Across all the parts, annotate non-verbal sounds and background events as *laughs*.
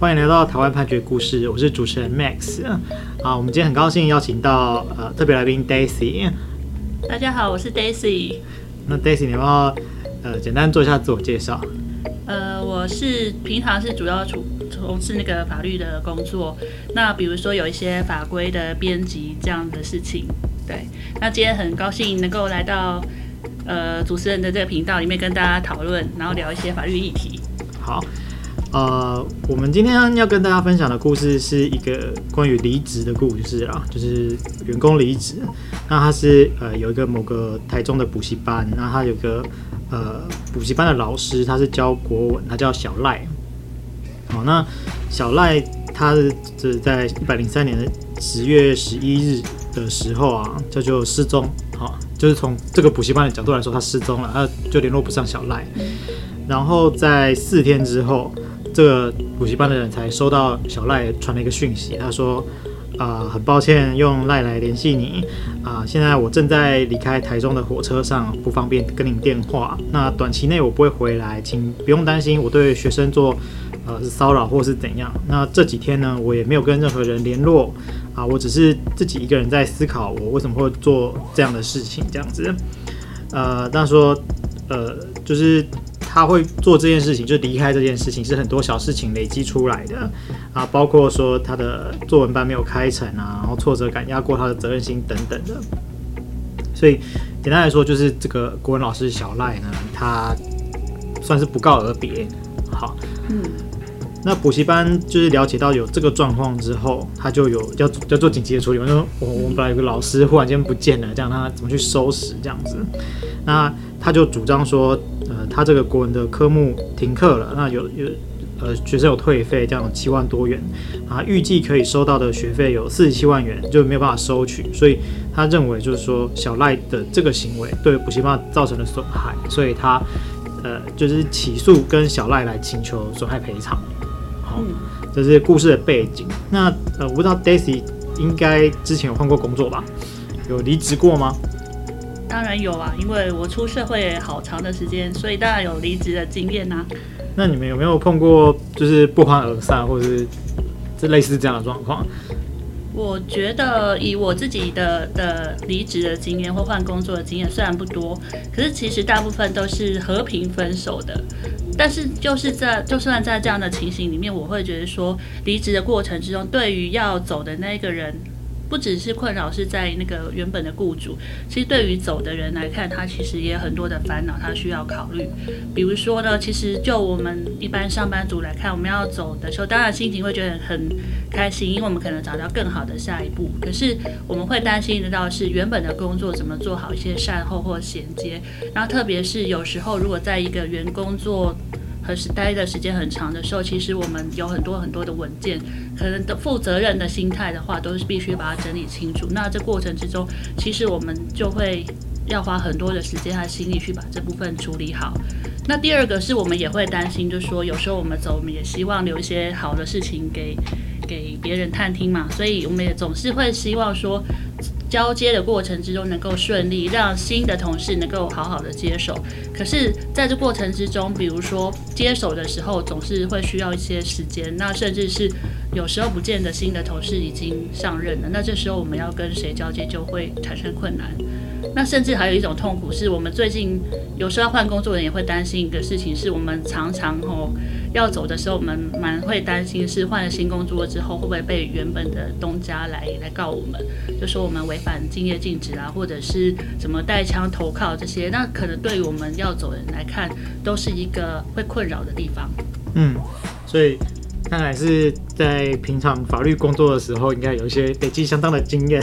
歡迎來到台灣判決故事，我是主持人 Max。好，我們今天很高興邀請到呃特別來賓 Daisy。大家好，我是 Daisy。那 Daisy，你要不要呃簡單做一下自我介紹？呃，我是平常是主要從從事那個法律的工作。那比如說有一些法規的編輯這樣的事情。對。那今天很高興能夠來到呃主持人的這個頻道裡面跟大家討論，然後聊一些法律議題。好。呃，我們今天要跟大家分享的故事是一個關於離職的故事啊，就是員工離職。那他是呃有一個某個台中的補習班，那他有個呃補習班的老師，他是教國文，他叫小賴。好，那小賴他就是在一百零三年的十月十一日的時候啊，他就，就失蹤。好，就是從這個補習班的角度來說，他失蹤了，他就聯絡不上小賴。然後在四天之後，這個補習班的人才收到小賴傳了一個訊息，他說：“啊、呃，很抱歉用賴來聯繫你啊、呃，現在我正在離開台中的火車上，不方便跟你電話。那短期內我不會回來，請不用擔心，我對學生做呃騷擾或是怎樣。那這幾天呢，我也沒有跟任何人聯絡啊、呃，我只是自己一個人在思考，我為什麼會做這樣的事情，這樣子。呃，他說，呃，就是。”他會做這件事情，就離開這件事情是很多小事情累積出來的啊，包括說他的作文班沒有開成啊，然後挫折感壓過他的責任心等等的。所以簡單來說，就是這個國文老師小賴呢，他算是不告而別。好，嗯，那補習班就是了解到有這個狀況之後，他就有要要，要做緊急的處理，我說、哦、我我們本來有個老師忽然間不見了，這樣他怎麼去收拾這樣子？那他就主張說。他這個國文的科目停課了，那有有呃學生有退費，這樣有七萬多元啊，預計可以收到的學費有四十七萬元，就沒有辦法收取，所以他認為就是說小賴的這個行為對補習班造成了損害，所以他呃就是起訴跟小賴來請求損害賠償。好，哦，這是故事的背景。那呃，我不知道 Daisy 應該之前有換過工作吧？有離職過嗎？當然有啊，因為我出社會好長的時間，所以當然有離職的經驗吶、啊。那你們有沒有碰過就是不歡而散，或者是這類似這樣的狀況？我覺得以我自己的的離職的經驗或換工作的經驗，雖然不多，可是其實大部分都是和平分手的。但是就是在就算在這樣的情形裡面，我會覺得說，離職的過程之中，對於要走的那一個人。不只是困擾是在那個原本的雇主，其實對於走的人來看，他其實也有很多的煩惱，他需要考慮。比如說呢，其實就我們一般上班族來看，我們要走的時候，當然心情會覺得很開心，因為我們可能找到更好的下一步。可是我們會擔心的倒是原本的工作怎麼做好一些善後或銜接，然後特別是有時候如果在一個員工做而是待的時間很長的時候，其實我們有很多很多的文件，可能的負責任的心態的話，都是必須把它整理清楚。那這過程之中，其實我們就會要花很多的時間和心力去把這部分處理好。那第二個是我們也會擔心，就是說有時候我們走，我們也希望留一些好的事情給給別人探聽嘛，所以我們也總是會希望說。交接的過程之中能夠順利，讓新的同事能夠好好的接手。可是在這過程之中，比如說接手的時候總是會需要一些時間，那甚至是有時候不見得新的同事已經上任了，那這時候我們要跟誰交接就會產生困難。那甚至還有一種痛苦，是我們最近有時候換工作人也會擔心一個事情，是我們常常吼，要走的時候，我們蠻會擔心，是換了新工作之後，會不會被原本的東家來來告我們，就說我們違反競業禁止啊，或者是怎麼帶槍投靠這些，那可能對於我們要走的人來看，都是一個會困擾的地方。嗯，所以看來是在平常法律工作的時候，應該有一些累積相當的經驗。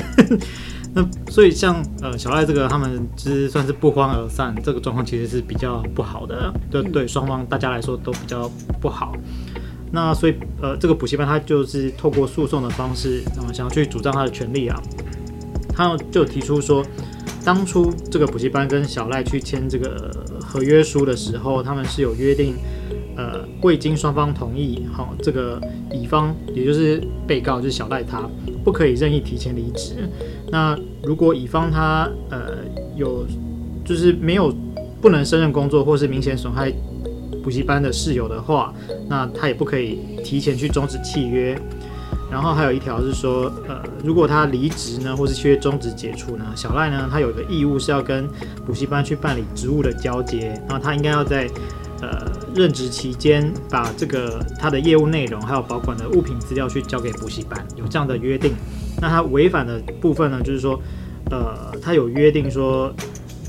那所以像呃小賴這個他們其實算是不歡而散，這個狀況其實是比較不好的，就對，對雙方大家來說都比較不好。那所以呃這個補習班他就是透過訴訟的方式，那麼想要去主張他的權利啊，他就有提出說，當初這個補習班跟小賴去簽這個合約書的時候，他們是有約定，呃未經雙方同意，哈、哦、這個乙方也就是被告就是小賴他不可以任意提前離職。那如果乙方他呃有就是沒有不能勝任工作，或是明顯損害補習班的室友的話，那他也不可以提前去終止契約。然後還有一條是說，呃，如果他離職呢，或是契約終止解除呢，小賴呢他有個義務是要跟補習班去辦理職務的交接，然後他應該要在呃任職期間把這個他的業務內容，還有保管的物品資料去交給補習班，有這樣的約定。那他違反的部分呢，就是說，呃，他有約定說，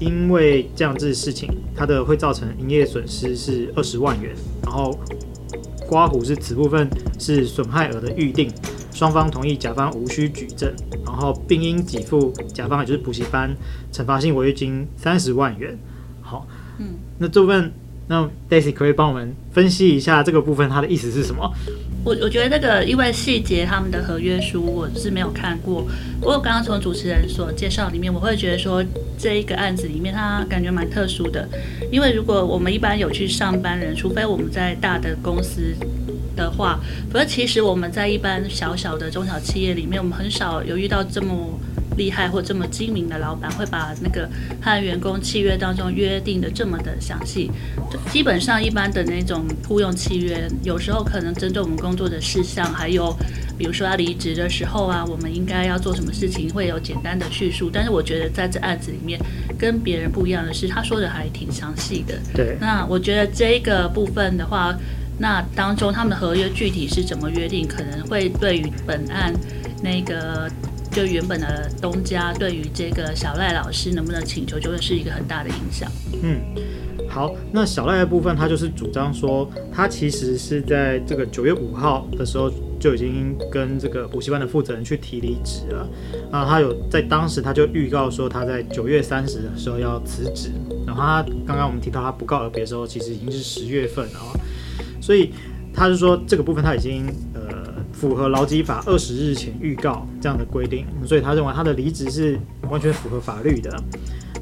因為這樣子事情，他的會造成營業損失是二十萬元，然後刮胡是此部分是損害額的預定，雙方同意甲方無需舉證，然後並應給付甲方也就是補習班懲罰性違約金三十萬元。好，嗯，那這份。那 Daisy 可以幫我們分析一下這個部分，它的意思是什麼？我我覺得這個因為細節他們的合約書我是沒有看過，不過剛剛從主持人所介紹裡面，我會覺得說這一個案子裡面，他感覺蠻特殊的。因為如果我們一般有去上班人，除非我們在大的公司的話，可是其實我們在一般小小的中小企業裡面，我們很少有遇到這麼。厲害或這麼精明的老闆，會把那個和員工契約當中約定的這麼的詳細。基本上一般的那種僱傭契約，有時候可能針對我們工作的事項，還有比如說他離職的時候啊，我們應該要做什麼事情，會有簡單的敘述。但是我覺得在這案子裡面，跟別人不一樣的是，他說的還挺詳細的。對，那我覺得這個部分的話，那當中他們的合約具體是怎麼約定，可能會對於本案那個。就原本的東家對於這個小賴老師能不能請求，就會是一個很大的影響。嗯，好，那小賴的部分，他就是主張說，他其實是在這個九月五號的時候就已經跟這個補習班的負責人去提離職了。那他有在當時他就預告說，他在九月三十的時候要辭職。然後他剛剛我們提到他不告而別的時候，其實已經是十月份了，哦。所以他就說這個部分他已經。符合勞基法二十日前預告這樣的規定，所以他認為他的離職是完全符合法律的。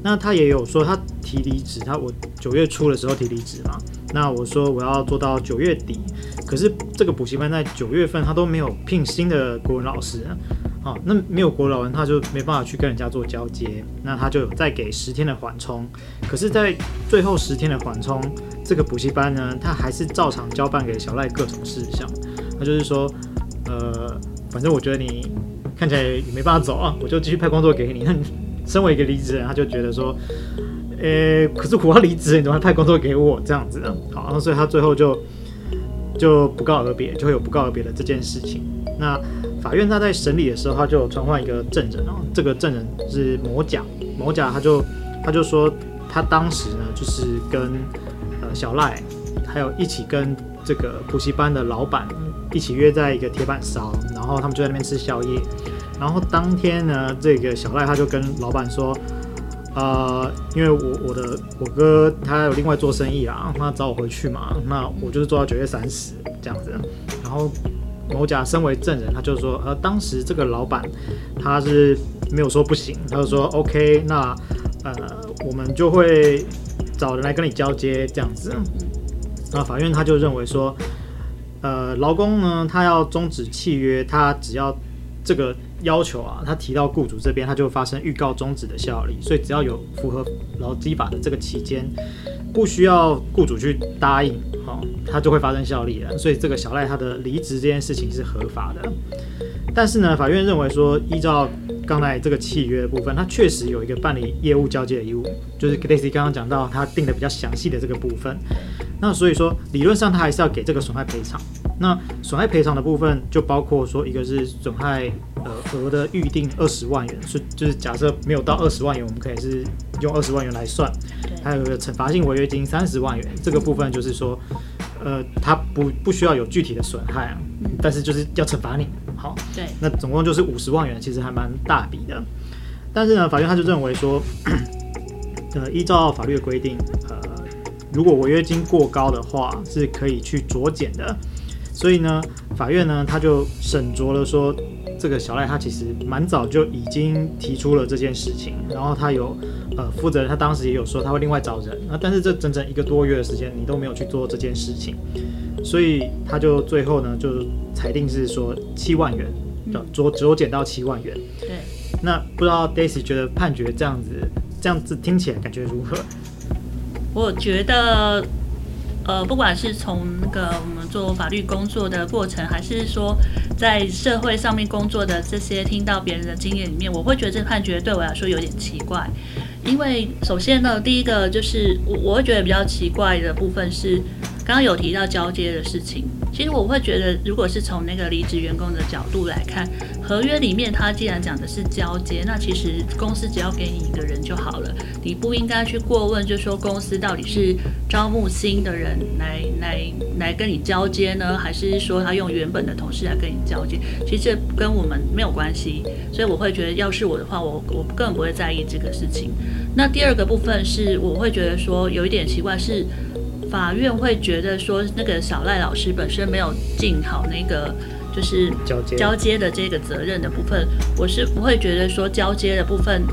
那他也有說，他提離職，他我九月初的時候提離職嘛，那我說我要做到九月底，可是這個補習班在九月份他都沒有聘新的國文老師，啊，那沒有國文老師他就沒辦法去跟人家做交接，那他就有再給十天的緩衝，可是，在最後十天的緩衝，這個補習班呢，他還是照常交辦給小賴各種事項，他就是說。呃，反正我覺得你看起來也沒辦法走啊，我就繼續派工作給你。那你身為一個離職人，他就覺得說，呃，可是我要離職，你怎麼會派工作給我這樣子呢？好，然後所以他最後就就不告而別，就會有不告而別的這件事情。那法院他在審理的時候，他就傳喚一個證人啊、哦，這個證人是某甲，某甲他就他就說他當時呢就是跟呃小賴，還有一起跟這個補習班的老闆。一起約在一個鐵板燒，然後他們就在那邊吃宵夜。然後當天呢，這個小賴他就跟老板說，呃，因為我我的我哥他有另外做生意啊，他找我回去嘛，那我就是做到九月三十這樣子。然後某甲身為證人，他就說，呃，當時這個老板他是沒有說不行，他就說 OK，那呃，我們就會找人來跟你交接這樣子。那法院他就認為說，呃，勞工呢，他要終止契約，他只要這個要求啊，他提到雇主這邊，他就發生預告終止的效力。所以只要有符合勞基法的這個期間，不需要雇主去答應，哦，他就會發生效力了。所以這個小賴他的離職這件事情是合法的。但是呢，法院認為說，依照剛才這個契約的部分，他確實有一個辦理業務交接的義務，就是 Kelsey 剛剛講到他定的比較詳細的這個部分。那所以說，理論上他還是要給這個損害賠償。那損害賠償的部分就包括說，一個是損害呃額的預定二十萬元，是就是假設沒有到二十萬元，我們可以是用二十萬元來算。還有一個懲罰性違約金三十萬元，這個部分就是說，呃，他不不需要有具體的損害，啊，但是就是要懲罰你。好。對。那總共就是五十萬元，其實還蠻大筆的。但是呢，法院他就認為說，呃，依照法律的規定，呃如果違約金過高的話，是可以去酌減的。所以呢，法院呢他就審酌了說，說這個小賴他其實蠻早就已經提出了這件事情，然後他有呃負責人，他當時也有說他會另外找人。那、啊、但是這整整一個多月的時間，你都沒有去做這件事情，所以他就最後呢就裁定是說七萬元，酌酌減到七萬元。對。那不知道 Daisy 覺得判決這樣子，這樣子聽起來感覺如何？我覺得，呃，不管是從那個我們做法律工作的過程，還是說在社會上面工作的這些聽到別人的經驗裡面，我會覺得這個判決對我來說有點奇怪。因為首先呢，第一個就是我我會覺得比較奇怪的部分是，剛剛有提到交接的事情。其實我會覺得，如果是從那個離職員工的角度來看，合約裡面他既然講的是交接，那其實公司只要給你一個人就好了，你不應該去過問，就說公司到底是招募新的人來來來，來跟你交接呢，還是說他用原本的同事來跟你交接？其實這跟我們沒有關係，所以我會覺得，要是我的話，我我更不會在意這個事情。那第二個部分是，我會覺得說有一點奇怪是。法院會覺得說，那個小賴老師本身沒有盡好那個就是交接交接的這個責任的部分。我是不會覺得說交接的部分，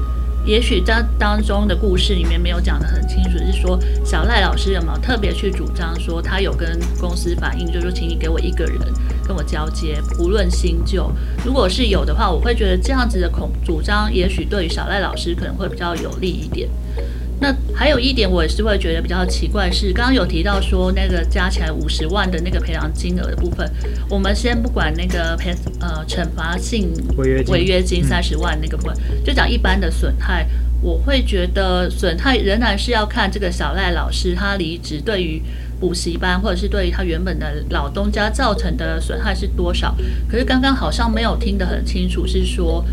也許在當中的故事裡面沒有講得很清楚，是說小賴老師有沒有特別去主張說他有跟公司反映，就說請你給我一個人跟我交接，不論新舊。如果是有的話，我會覺得這樣子的恐主張，也許對於小賴老師可能會比較有利一點。那還有一點，我也是會覺得比較奇怪是，剛剛有提到說那個加起來五十萬的那個賠償金額的部分，我們先不管那個賠呃懲罰性違約違約金三十萬那個部分，嗯，就講一般的損害，我會覺得損害仍然是要看這個小賴老師他離職對於補習班或者是對於他原本的老東家造成的損害是多少。可是剛剛好像沒有聽得很清楚，是說。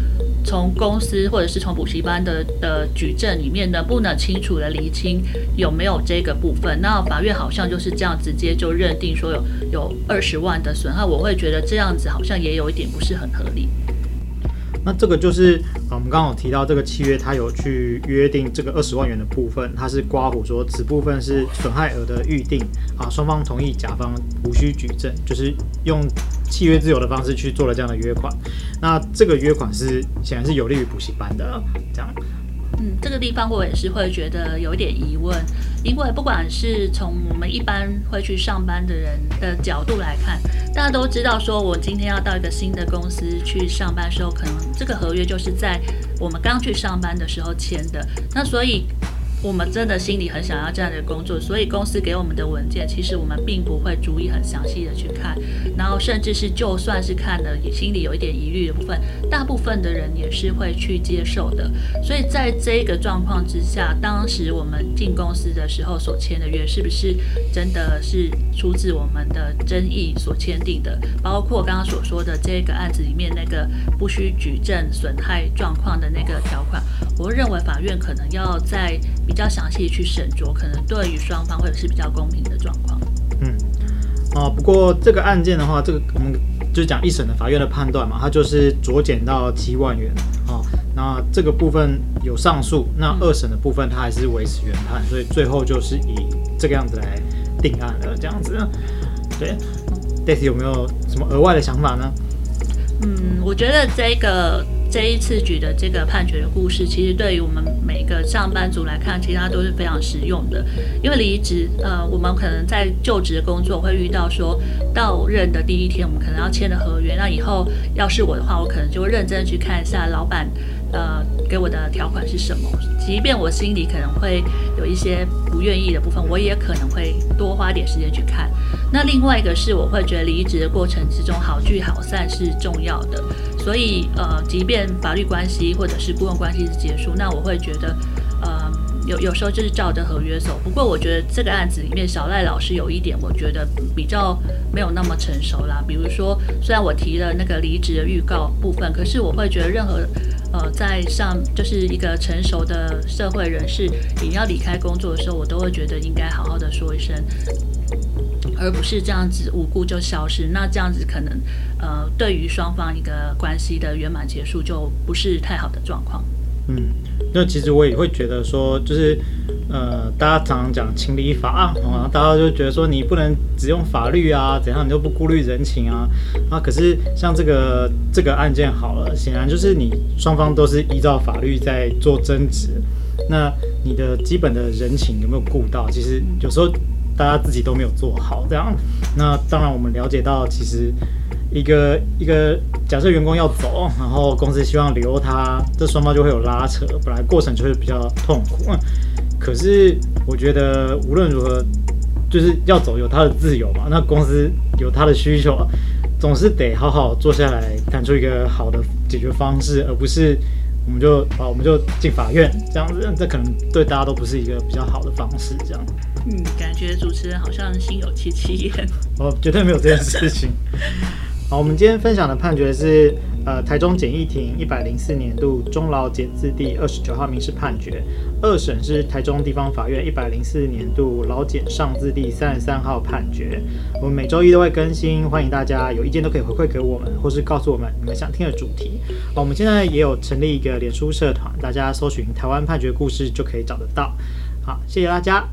從公司或者是從補習班的的舉證裡面呢，不能清楚的釐清有沒有這個部分。那法院好像就是這樣子直接就認定說有有二十萬的損害，我會覺得這樣子好像也有一點不是很合理。那這個就是、嗯、我們剛好提到這個契約，他有去約定這個二十萬元的部分，他是括弧說此部分是損害額的預定啊，雙方同意甲方無需舉證，就是用。契約自由的方式去做了這樣的約款，那這個約款是顯然是有利於補習班的這樣。嗯，這個地方我也是會覺得有一點疑問，因為不管是從我們一般會去上班的人的角度來看，大家都知道說我今天要到一個新的公司去上班的時候，可能這個合約就是在我們剛去上班的時候簽的，那所以。我們真的心裡很想要這樣的工作，所以公司給我們的文件，其實我們並不會逐一很詳細的去看，然後甚至是就算是看了，也心裡有一點疑慮的部分，大部分的人也是會去接受的。所以在這個狀況之下，當時我們進公司的時候所簽的約，是不是真的是出自我們的爭議所簽訂的？包括剛剛所說的這個案子裡面那個不需舉證損害狀況的那個條款。我認為法院可能要在比較詳細去審酌，可能對於雙方會是比較公平的狀況。嗯，哦、啊，不過這個案件的話，這個我們就講一審的法院的判斷嘛，它就是酌減到七萬元。哦、啊，那這個部分有上訴，那二審的部分它還是維持原判，嗯，所以最後就是以這個樣子來定案的這樣子。對、嗯、，Death 有沒有什麼額外的想法呢？嗯，我覺得這個。這一次舉的這個判決的故事，其實對於我們每個上班族來看，其實它都是非常實用的。因為離職，呃，我們可能在就職工作會遇到說，到任的第一天，我們可能要簽的合約。那以後要是我的話，我可能就會認真去看一下老板，呃，給我的條款是什麼。即便我心裡可能會有一些不願意的部分，我也可能會多花點時間去看。那另外一個是，我會覺得離職的過程之中，好聚好散是重要的。所以，呃，即便法律關係或者是顧問關係是結束，那我會覺得，呃，有有時候就是照着合約走。不過，我覺得這個案子裡面，小賴老師有一點，我覺得比較沒有那麼成熟啦。比如說，雖然我提了那個離職的預告部分，可是我會覺得，任何，呃，在上就是一個成熟的社會人士，你要離開工作的時候，我都會覺得應該好好的說一聲。而不是這樣子無故就消失，那這樣子可能，呃，對於雙方一個關係的圓滿結束就不是太好的狀況。嗯，那其實我也會覺得說，就是，呃，大家常常講情理法啊，嗯，大家就覺得說你不能只用法律啊，怎樣你就不顧慮人情啊？啊，可是像這個這個案件好了，顯然就是你雙方都是依照法律在做爭執，那你的基本的人情有沒有顧到？其實有時候。大家自己都沒有做好，這樣。那當然，我們了解到，其實一個一個假設員工要走，然後公司希望留他，這雙方就會有拉扯，本來過程就會比較痛苦，嗯。可是我覺得無論如何，就是要走有他的自由嘛，那公司有他的需求，總是得好好坐下來談出一個好的解決方式，而不是我們就啊我們就進法院這樣子，這可能對大家都不是一個比較好的方式，這樣。嗯，感覺主持人好像心有戚戚。我、哦、絕對沒有這件事情。 *laughs* 好，我們今天分享的判決是呃台中簡易庭一百零四年度中勞簡字第二十九號民事判決，二審是台中地方法院一百零四年度勞簡上字第三十三號判決。我們每周一都會更新，歡迎大家有意見都可以回饋給我們，或是告訴我們你們想聽的主題。好、哦，我們現在也有成立一個臉書社團，大家搜尋台灣判決故事就可以找得到。好，謝謝大家。